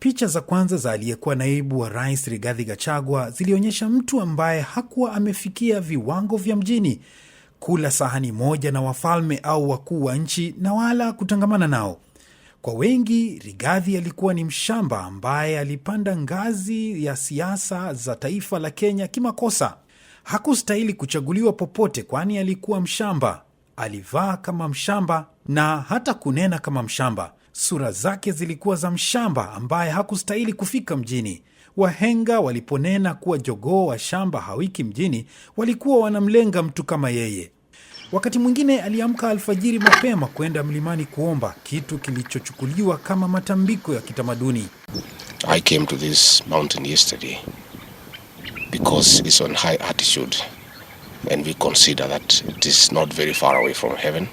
Picha za kwanza za aliyekuwa naibu wa rais Rigathi Gachagua zilionyesha mtu ambaye hakuwa amefikia viwango vya mjini kula sahani moja na wafalme au wakuu wa nchi na wala kutangamana nao. Kwa wengi, Rigathi alikuwa ni mshamba ambaye alipanda ngazi ya siasa za taifa la Kenya kimakosa. Hakustahili kuchaguliwa popote, kwani alikuwa mshamba, alivaa kama mshamba na hata kunena kama mshamba. Sura zake zilikuwa za mshamba ambaye hakustahili kufika mjini. Wahenga waliponena kuwa jogoo wa shamba hawiki mjini, walikuwa wanamlenga mtu kama yeye. Wakati mwingine aliamka alfajiri mapema kwenda mlimani kuomba, kitu kilichochukuliwa kama matambiko ya kitamaduni. I came to this mountain yesterday because it's on high altitude and we consider that it is not very far away from heaven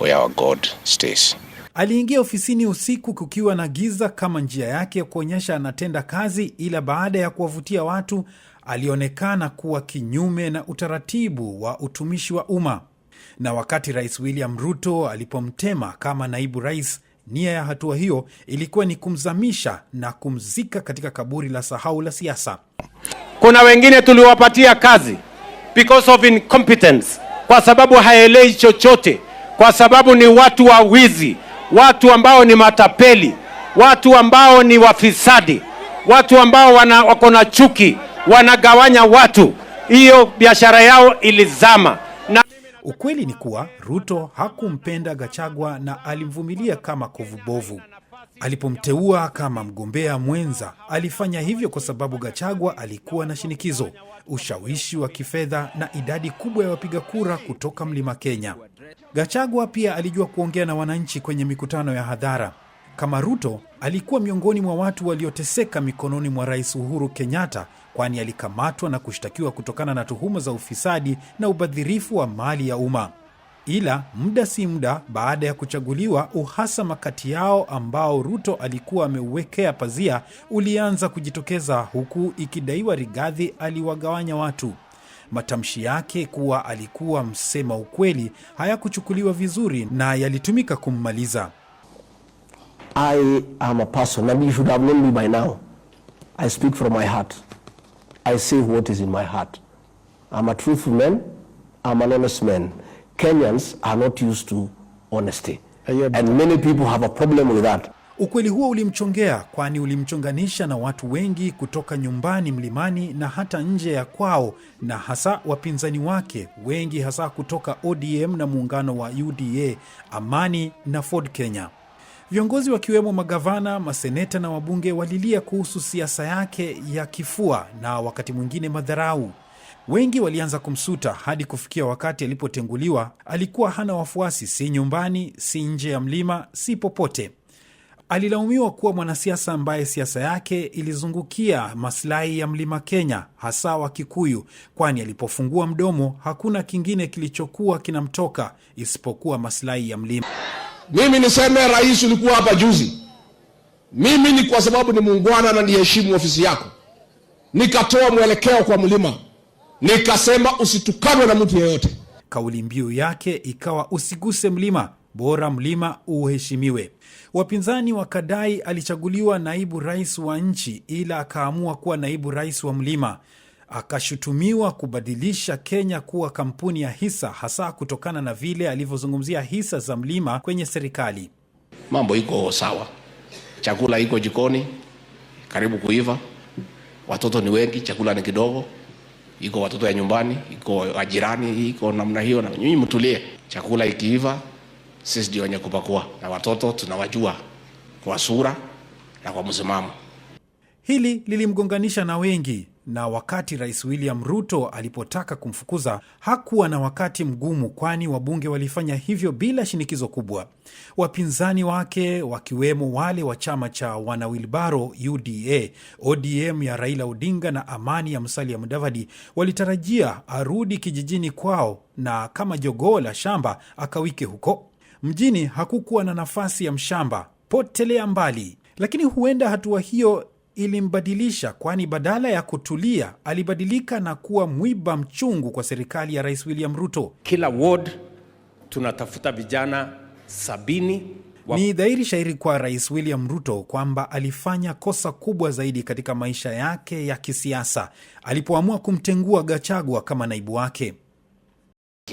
where our God stays. Aliingia ofisini usiku kukiwa na giza kama njia yake ya kuonyesha anatenda kazi, ila baada ya kuwavutia watu alionekana kuwa kinyume na utaratibu wa utumishi wa umma. Na wakati Rais William Ruto alipomtema kama naibu rais, nia ya hatua hiyo ilikuwa ni kumzamisha na kumzika katika kaburi la sahau la siasa. Kuna wengine tuliwapatia kazi because of incompetence, kwa sababu haelei chochote, kwa sababu ni watu wa wizi watu ambao ni matapeli, watu ambao ni wafisadi, watu ambao wana, wako na chuki, wanagawanya watu. Hiyo biashara yao ilizama. Na ukweli ni kuwa Ruto hakumpenda Gachagua na alimvumilia kama kovubovu. Alipomteua kama mgombea mwenza, alifanya hivyo kwa sababu Gachagua alikuwa na shinikizo, ushawishi wa kifedha na idadi kubwa ya wapiga kura kutoka Mlima Kenya. Gachagua pia alijua kuongea na wananchi kwenye mikutano ya hadhara. Kama Ruto alikuwa miongoni mwa watu walioteseka mikononi mwa Rais Uhuru Kenyatta, kwani alikamatwa na kushtakiwa kutokana na tuhuma za ufisadi na ubadhirifu wa mali ya umma. Ila muda si muda baada ya kuchaguliwa, uhasama kati yao ambao Ruto alikuwa ameuwekea pazia ulianza kujitokeza, huku ikidaiwa Rigathi aliwagawanya watu. Matamshi yake kuwa alikuwa msema ukweli hayakuchukuliwa vizuri na yalitumika kummaliza. I am a person. you should have known me by now. I speak from my heart. I say what is in my heart. I'm a truthful man. I'm an honest man. Kenyans are not used to honesty. And many people have a problem with that. Ukweli huo ulimchongea, kwani ulimchonganisha na watu wengi kutoka nyumbani mlimani na hata nje ya kwao, na hasa wapinzani wake wengi, hasa kutoka ODM na muungano wa UDA, Amani na Ford Kenya. Viongozi wakiwemo magavana, maseneta na wabunge walilia kuhusu siasa yake ya kifua na wakati mwingine madharau. Wengi walianza kumsuta hadi kufikia wakati alipotenguliwa, alikuwa hana wafuasi, si nyumbani, si nje ya mlima, si popote. Alilaumiwa kuwa mwanasiasa ambaye siasa yake ilizungukia masilahi ya mlima Kenya, hasa wa Kikuyu, kwani alipofungua mdomo hakuna kingine kilichokuwa kinamtoka isipokuwa masilahi ya mlima. Mimi niseme, rais, ulikuwa hapa juzi. Mimi ni kwa sababu ni muungwana na niheshimu ofisi yako, nikatoa mwelekeo kwa mlima, nikasema usitukanwe na mtu yeyote. Kauli mbiu yake ikawa usiguse mlima bora mlima uheshimiwe. Wapinzani wa kadai alichaguliwa naibu rais wa nchi, ila akaamua kuwa naibu rais wa mlima. Akashutumiwa kubadilisha Kenya kuwa kampuni ya hisa, hasa kutokana na vile alivyozungumzia hisa za mlima kwenye serikali. Mambo iko sawa, chakula iko jikoni karibu kuiva, watoto ni wengi, chakula ni kidogo, iko watoto ya nyumbani, iko ajirani, iko namna hiyo, na nyinyi mtulie, chakula ikiiva sisi ndio wenye kupakua, na watoto tunawajua kwa sura na kwa msimamo. Hili lilimgonganisha na wengi, na wakati Rais William Ruto alipotaka kumfukuza hakuwa na wakati mgumu, kwani wabunge walifanya hivyo bila shinikizo kubwa. Wapinzani wake wakiwemo wale wa chama cha wanawilbaro UDA, ODM ya Raila Odinga na Amani ya Musalia Mudavadi walitarajia arudi kijijini kwao na kama jogoo la shamba akawike huko mjini hakukuwa na nafasi ya mshamba, potelea mbali. Lakini huenda hatua hiyo ilimbadilisha, kwani badala ya kutulia alibadilika na kuwa mwiba mchungu kwa serikali ya Rais William Ruto. Kila ward tunatafuta vijana sabini wa... Ni dhahiri shahiri kwa Rais William Ruto kwamba alifanya kosa kubwa zaidi katika maisha yake ya kisiasa alipoamua kumtengua Gachagua kama naibu wake.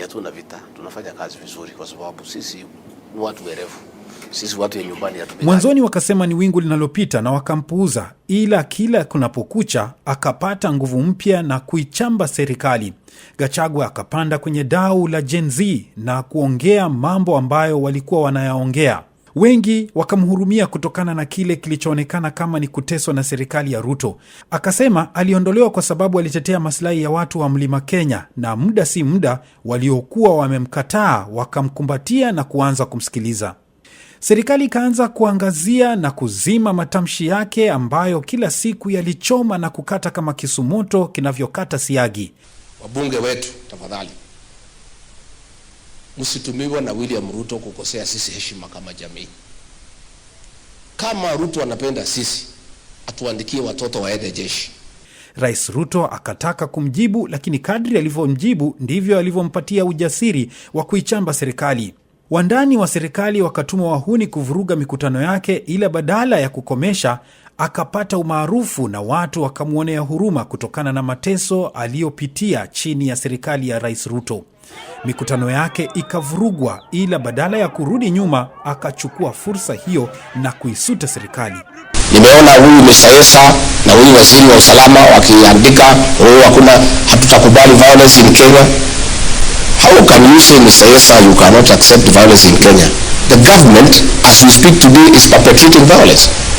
Hatuna vita, tunafanya kazi vizuri kwa sababu sisi watu werevu, sisi watu ya nyumbani. Mwanzoni wakasema ni wingu linalopita na wakampuuza, ila kila kunapokucha akapata nguvu mpya na kuichamba serikali. Gachagua akapanda kwenye dau la Gen Z na kuongea mambo ambayo walikuwa wanayaongea Wengi wakamhurumia kutokana na kile kilichoonekana kama ni kuteswa na serikali ya Ruto. Akasema aliondolewa kwa sababu alitetea masilahi ya watu wa Mlima Kenya, na muda si muda waliokuwa wamemkataa wakamkumbatia na kuanza kumsikiliza. Serikali ikaanza kuangazia na kuzima matamshi yake ambayo kila siku yalichoma na kukata kama kisumoto kinavyokata siagi. Wabunge wetu tafadhali msitumiwe na William Ruto kukosea sisi heshima kama jamii. Kama Ruto anapenda sisi, atuandikie watoto waende jeshi. Rais Ruto akataka kumjibu, lakini kadri alivyomjibu ndivyo alivyompatia ujasiri wa kuichamba serikali. Wandani wa serikali wakatuma wahuni kuvuruga mikutano yake, ila badala ya kukomesha akapata umaarufu na watu wakamwonea huruma kutokana na mateso aliyopitia chini ya serikali ya Rais Ruto. Mikutano yake ikavurugwa, ila badala ya kurudi nyuma akachukua fursa hiyo na kuisuta serikali. Nimeona huyu Mr. na huyu waziri wa usalama wakiandika, oh, hakuna hatutakubali violence in Kenya. How can you say Mr. you cannot accept violence in Kenya? The government as we speak today is perpetrating violence.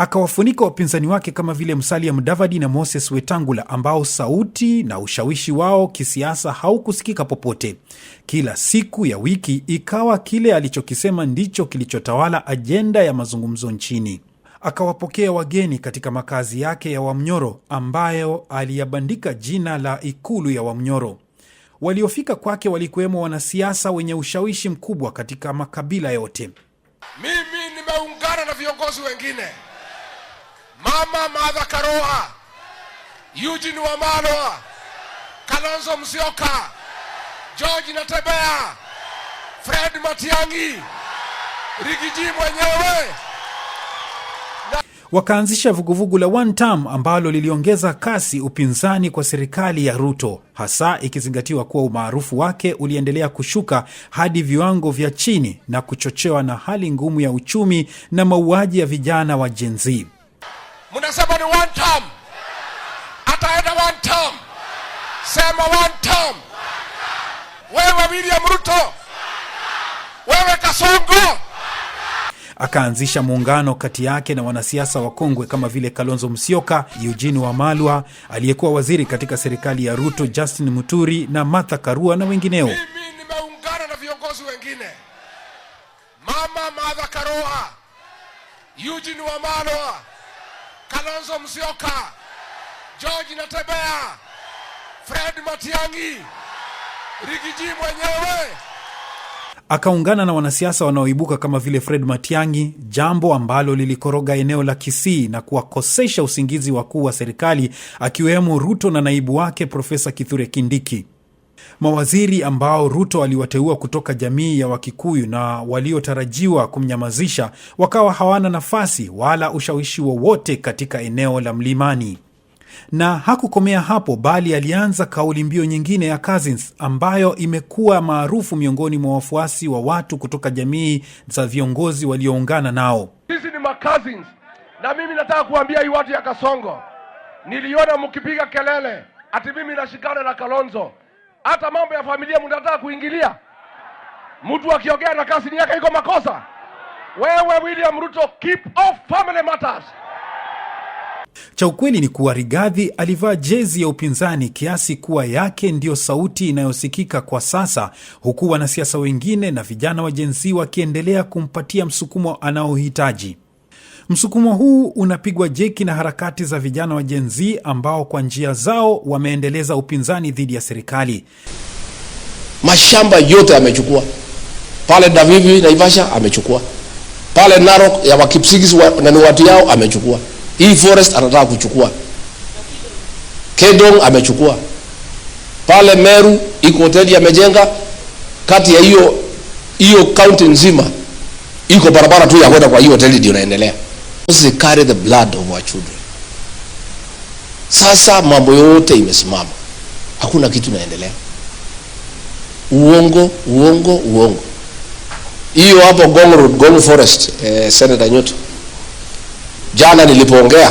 Akawafunika wapinzani wake kama vile Musalia Mudavadi na Moses Wetangula ambao sauti na ushawishi wao kisiasa haukusikika popote. Kila siku ya wiki ikawa kile alichokisema ndicho kilichotawala ajenda ya mazungumzo nchini. Akawapokea wageni katika makazi yake ya Wamnyoro ambayo aliyabandika jina la Ikulu ya Wamnyoro. Waliofika kwake walikuwemo wanasiasa wenye ushawishi mkubwa katika makabila yote. Mimi nimeungana na viongozi wengine Mama Martha Karua, Eugene Wamalwa, Kalonzo Musyoka, George Natembeya, Fred Matiang'i, Rigiji mwenyewe wakaanzisha vuguvugu la one term ambalo liliongeza kasi upinzani kwa serikali ya Ruto, hasa ikizingatiwa kuwa umaarufu wake uliendelea kushuka hadi viwango vya chini na kuchochewa na hali ngumu ya uchumi na mauaji ya vijana wa Gen Z. Munasema ni one term. Ataenda one term. Sema one term. Wewe William Ruto. Wewe Kasongo. Akaanzisha muungano kati yake na wanasiasa wakongwe kama vile Kalonzo Musyoka, Eugene Wamalwa aliyekuwa waziri katika serikali ya Ruto, Justin Muturi na Martha Karua na wengineo. Mimi nimeungana na viongozi wengine, Mama Martha Karua, Eugene Wamalwa Kalonzo Musyoka, George Natembeya, Fred Matiang'i, Rigiji mwenyewe akaungana na wanasiasa wanaoibuka kama vile Fred Matiang'i, jambo ambalo lilikoroga eneo la Kisii na kuwakosesha usingizi wakuu wa serikali akiwemo Ruto na naibu wake Profesa Kithure Kindiki. Mawaziri ambao Ruto aliwateua kutoka jamii ya Wakikuyu na waliotarajiwa kumnyamazisha wakawa hawana nafasi wala ushawishi wowote wa katika eneo la Mlimani. Na hakukomea hapo, bali alianza kauli mbiu nyingine ya Cousins ambayo imekuwa maarufu miongoni mwa wafuasi wa watu kutoka jamii za viongozi walioungana nao. Sisi ni ma-Cousins, na mimi nataka kuambia hii watu ya Kasongo, niliona mkipiga kelele ati mimi nashikana na Kalonzo hata mambo ya familia mnataka kuingilia. Mtu akiongea na kasi yake iko makosa. Wewe William Ruto, keep off family matters. Cha ukweli ni kuwa Rigathi alivaa jezi ya upinzani kiasi kuwa yake ndiyo sauti inayosikika kwa sasa, huku wanasiasa wengine na vijana wa jenzi wakiendelea kumpatia msukumo anaohitaji. Msukumo huu unapigwa jeki na harakati za vijana wa Gen Z ambao kwa njia zao wameendeleza upinzani dhidi ya serikali. Mashamba yote amechukua pale Davivi, Naivasha amechukua pale Narok ya Wakipsigis wa, na ni watu yao amechukua. Hii forest anataka kuchukua Kedong amechukua pale Meru, iko hoteli amejenga kati ya hiyo hiyo kaunti nzima, iko barabara tu ya kwenda kwa hiyo hoteli ndio inaendelea. They carry the blood of our children. Sasa mambo yote imesimama, hakuna kitu inaendelea. Uongo, uongo, uongo. Hiyo hapo Ngong Road, Ngong Forest, eh, Senator Nyoto, jana nilipoongea,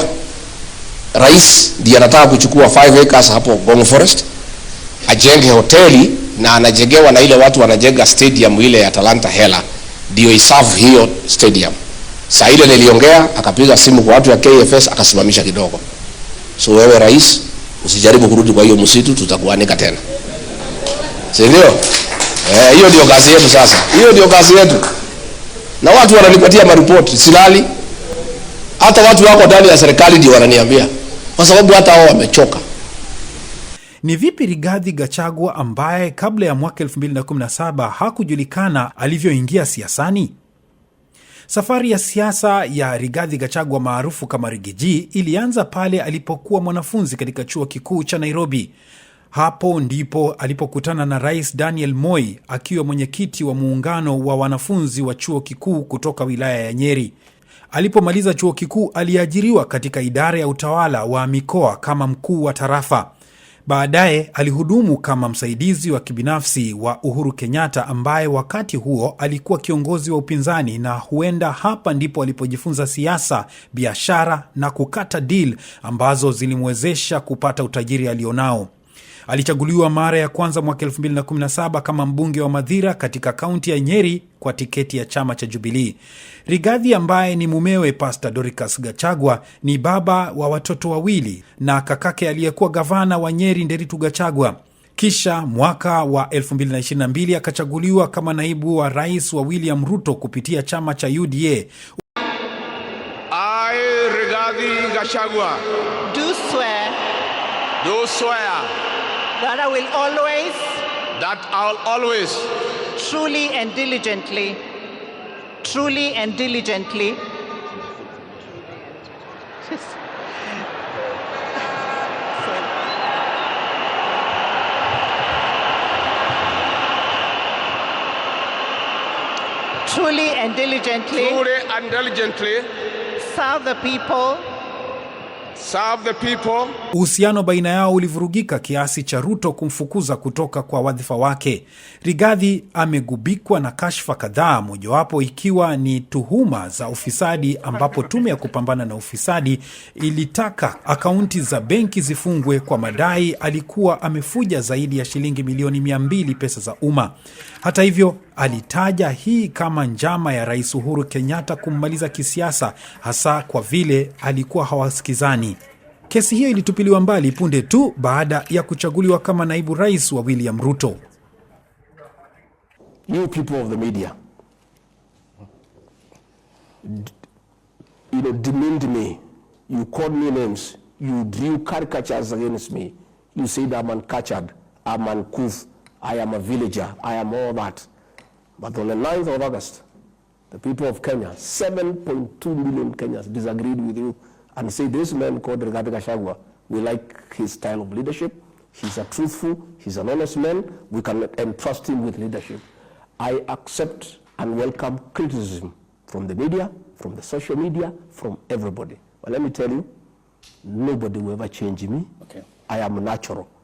rais ndiye anataka kuchukua 5 acres hapo Ngong Forest ajenge hoteli na anajengewa na ile watu wanajenga stadium ile ya Talanta hela ndio isafu hiyo stadium Saa ile niliongea, akapiga simu kwa watu ya KFS akasimamisha kidogo. So wewe rais, usijaribu kurudi kwa hiyo msitu, tutakuanika tena, si ndio? Eh, hiyo ndio kazi yetu sasa, hiyo ndio kazi yetu. Na watu wananipatia maripoti, silali. Hata watu wako ndani ya serikali ndio wananiambia, kwa sababu hata wao wamechoka. Ni vipi Rigathi Gachagua ambaye kabla ya mwaka 2017 hakujulikana alivyoingia siasani? Safari ya siasa ya Rigathi Gachagua maarufu kama Rigiji ilianza pale alipokuwa mwanafunzi katika chuo kikuu cha Nairobi. Hapo ndipo alipokutana na Rais Daniel Moi akiwa mwenyekiti wa muungano wa wanafunzi wa chuo kikuu kutoka wilaya ya Nyeri. Alipomaliza chuo kikuu, aliajiriwa katika idara ya utawala wa mikoa kama mkuu wa tarafa. Baadaye alihudumu kama msaidizi wa kibinafsi wa Uhuru Kenyatta ambaye wakati huo alikuwa kiongozi wa upinzani, na huenda hapa ndipo alipojifunza siasa, biashara na kukata deal ambazo zilimwezesha kupata utajiri alionao. Alichaguliwa mara ya kwanza mwaka 2017 kama mbunge wa Madhira katika kaunti ya Nyeri kwa tiketi ya chama cha Jubilii. Rigathi ambaye ni mumewe Pasta Doricas Gachagua ni baba wa watoto wawili na kakake aliyekuwa gavana wa Nyeri Nderitu Gachagua. Kisha mwaka wa 2022 akachaguliwa kama naibu wa rais wa William Ruto kupitia chama cha UDA. I, Rigathi Gachagua, do swear. Do swear. That I will always. That I'll always. Truly and diligently. Truly and diligently. truly and diligently. Truly and diligently. Serve the people. Uhusiano baina yao ulivurugika kiasi cha Ruto kumfukuza kutoka kwa wadhifa wake. Rigathi amegubikwa na kashfa kadhaa, mojawapo ikiwa ni tuhuma za ufisadi, ambapo tume ya kupambana na ufisadi ilitaka akaunti za benki zifungwe kwa madai alikuwa amefuja zaidi ya shilingi milioni mia mbili pesa za umma. Hata hivyo, alitaja hii kama njama ya Rais Uhuru Kenyatta kummaliza kisiasa, hasa kwa vile alikuwa hawasikizani. Kesi hiyo ilitupiliwa mbali punde tu baada ya kuchaguliwa kama naibu rais wa William Ruto. You people of the media you know, demeaned me you called me names you drew caricatures against me you said I'm I'm uncouth I am a villager. I am all that. But on the 9th of August, the people of Kenya, 7.2 million Kenyans disagreed with you and say this man called Rigathi Gachagua, we like his style of leadership. He's a truthful, he's an honest man. We can entrust him with leadership. I accept and welcome criticism from the media, from the social media, from everybody. But let me tell you, nobody will ever change me. Okay. I am natural.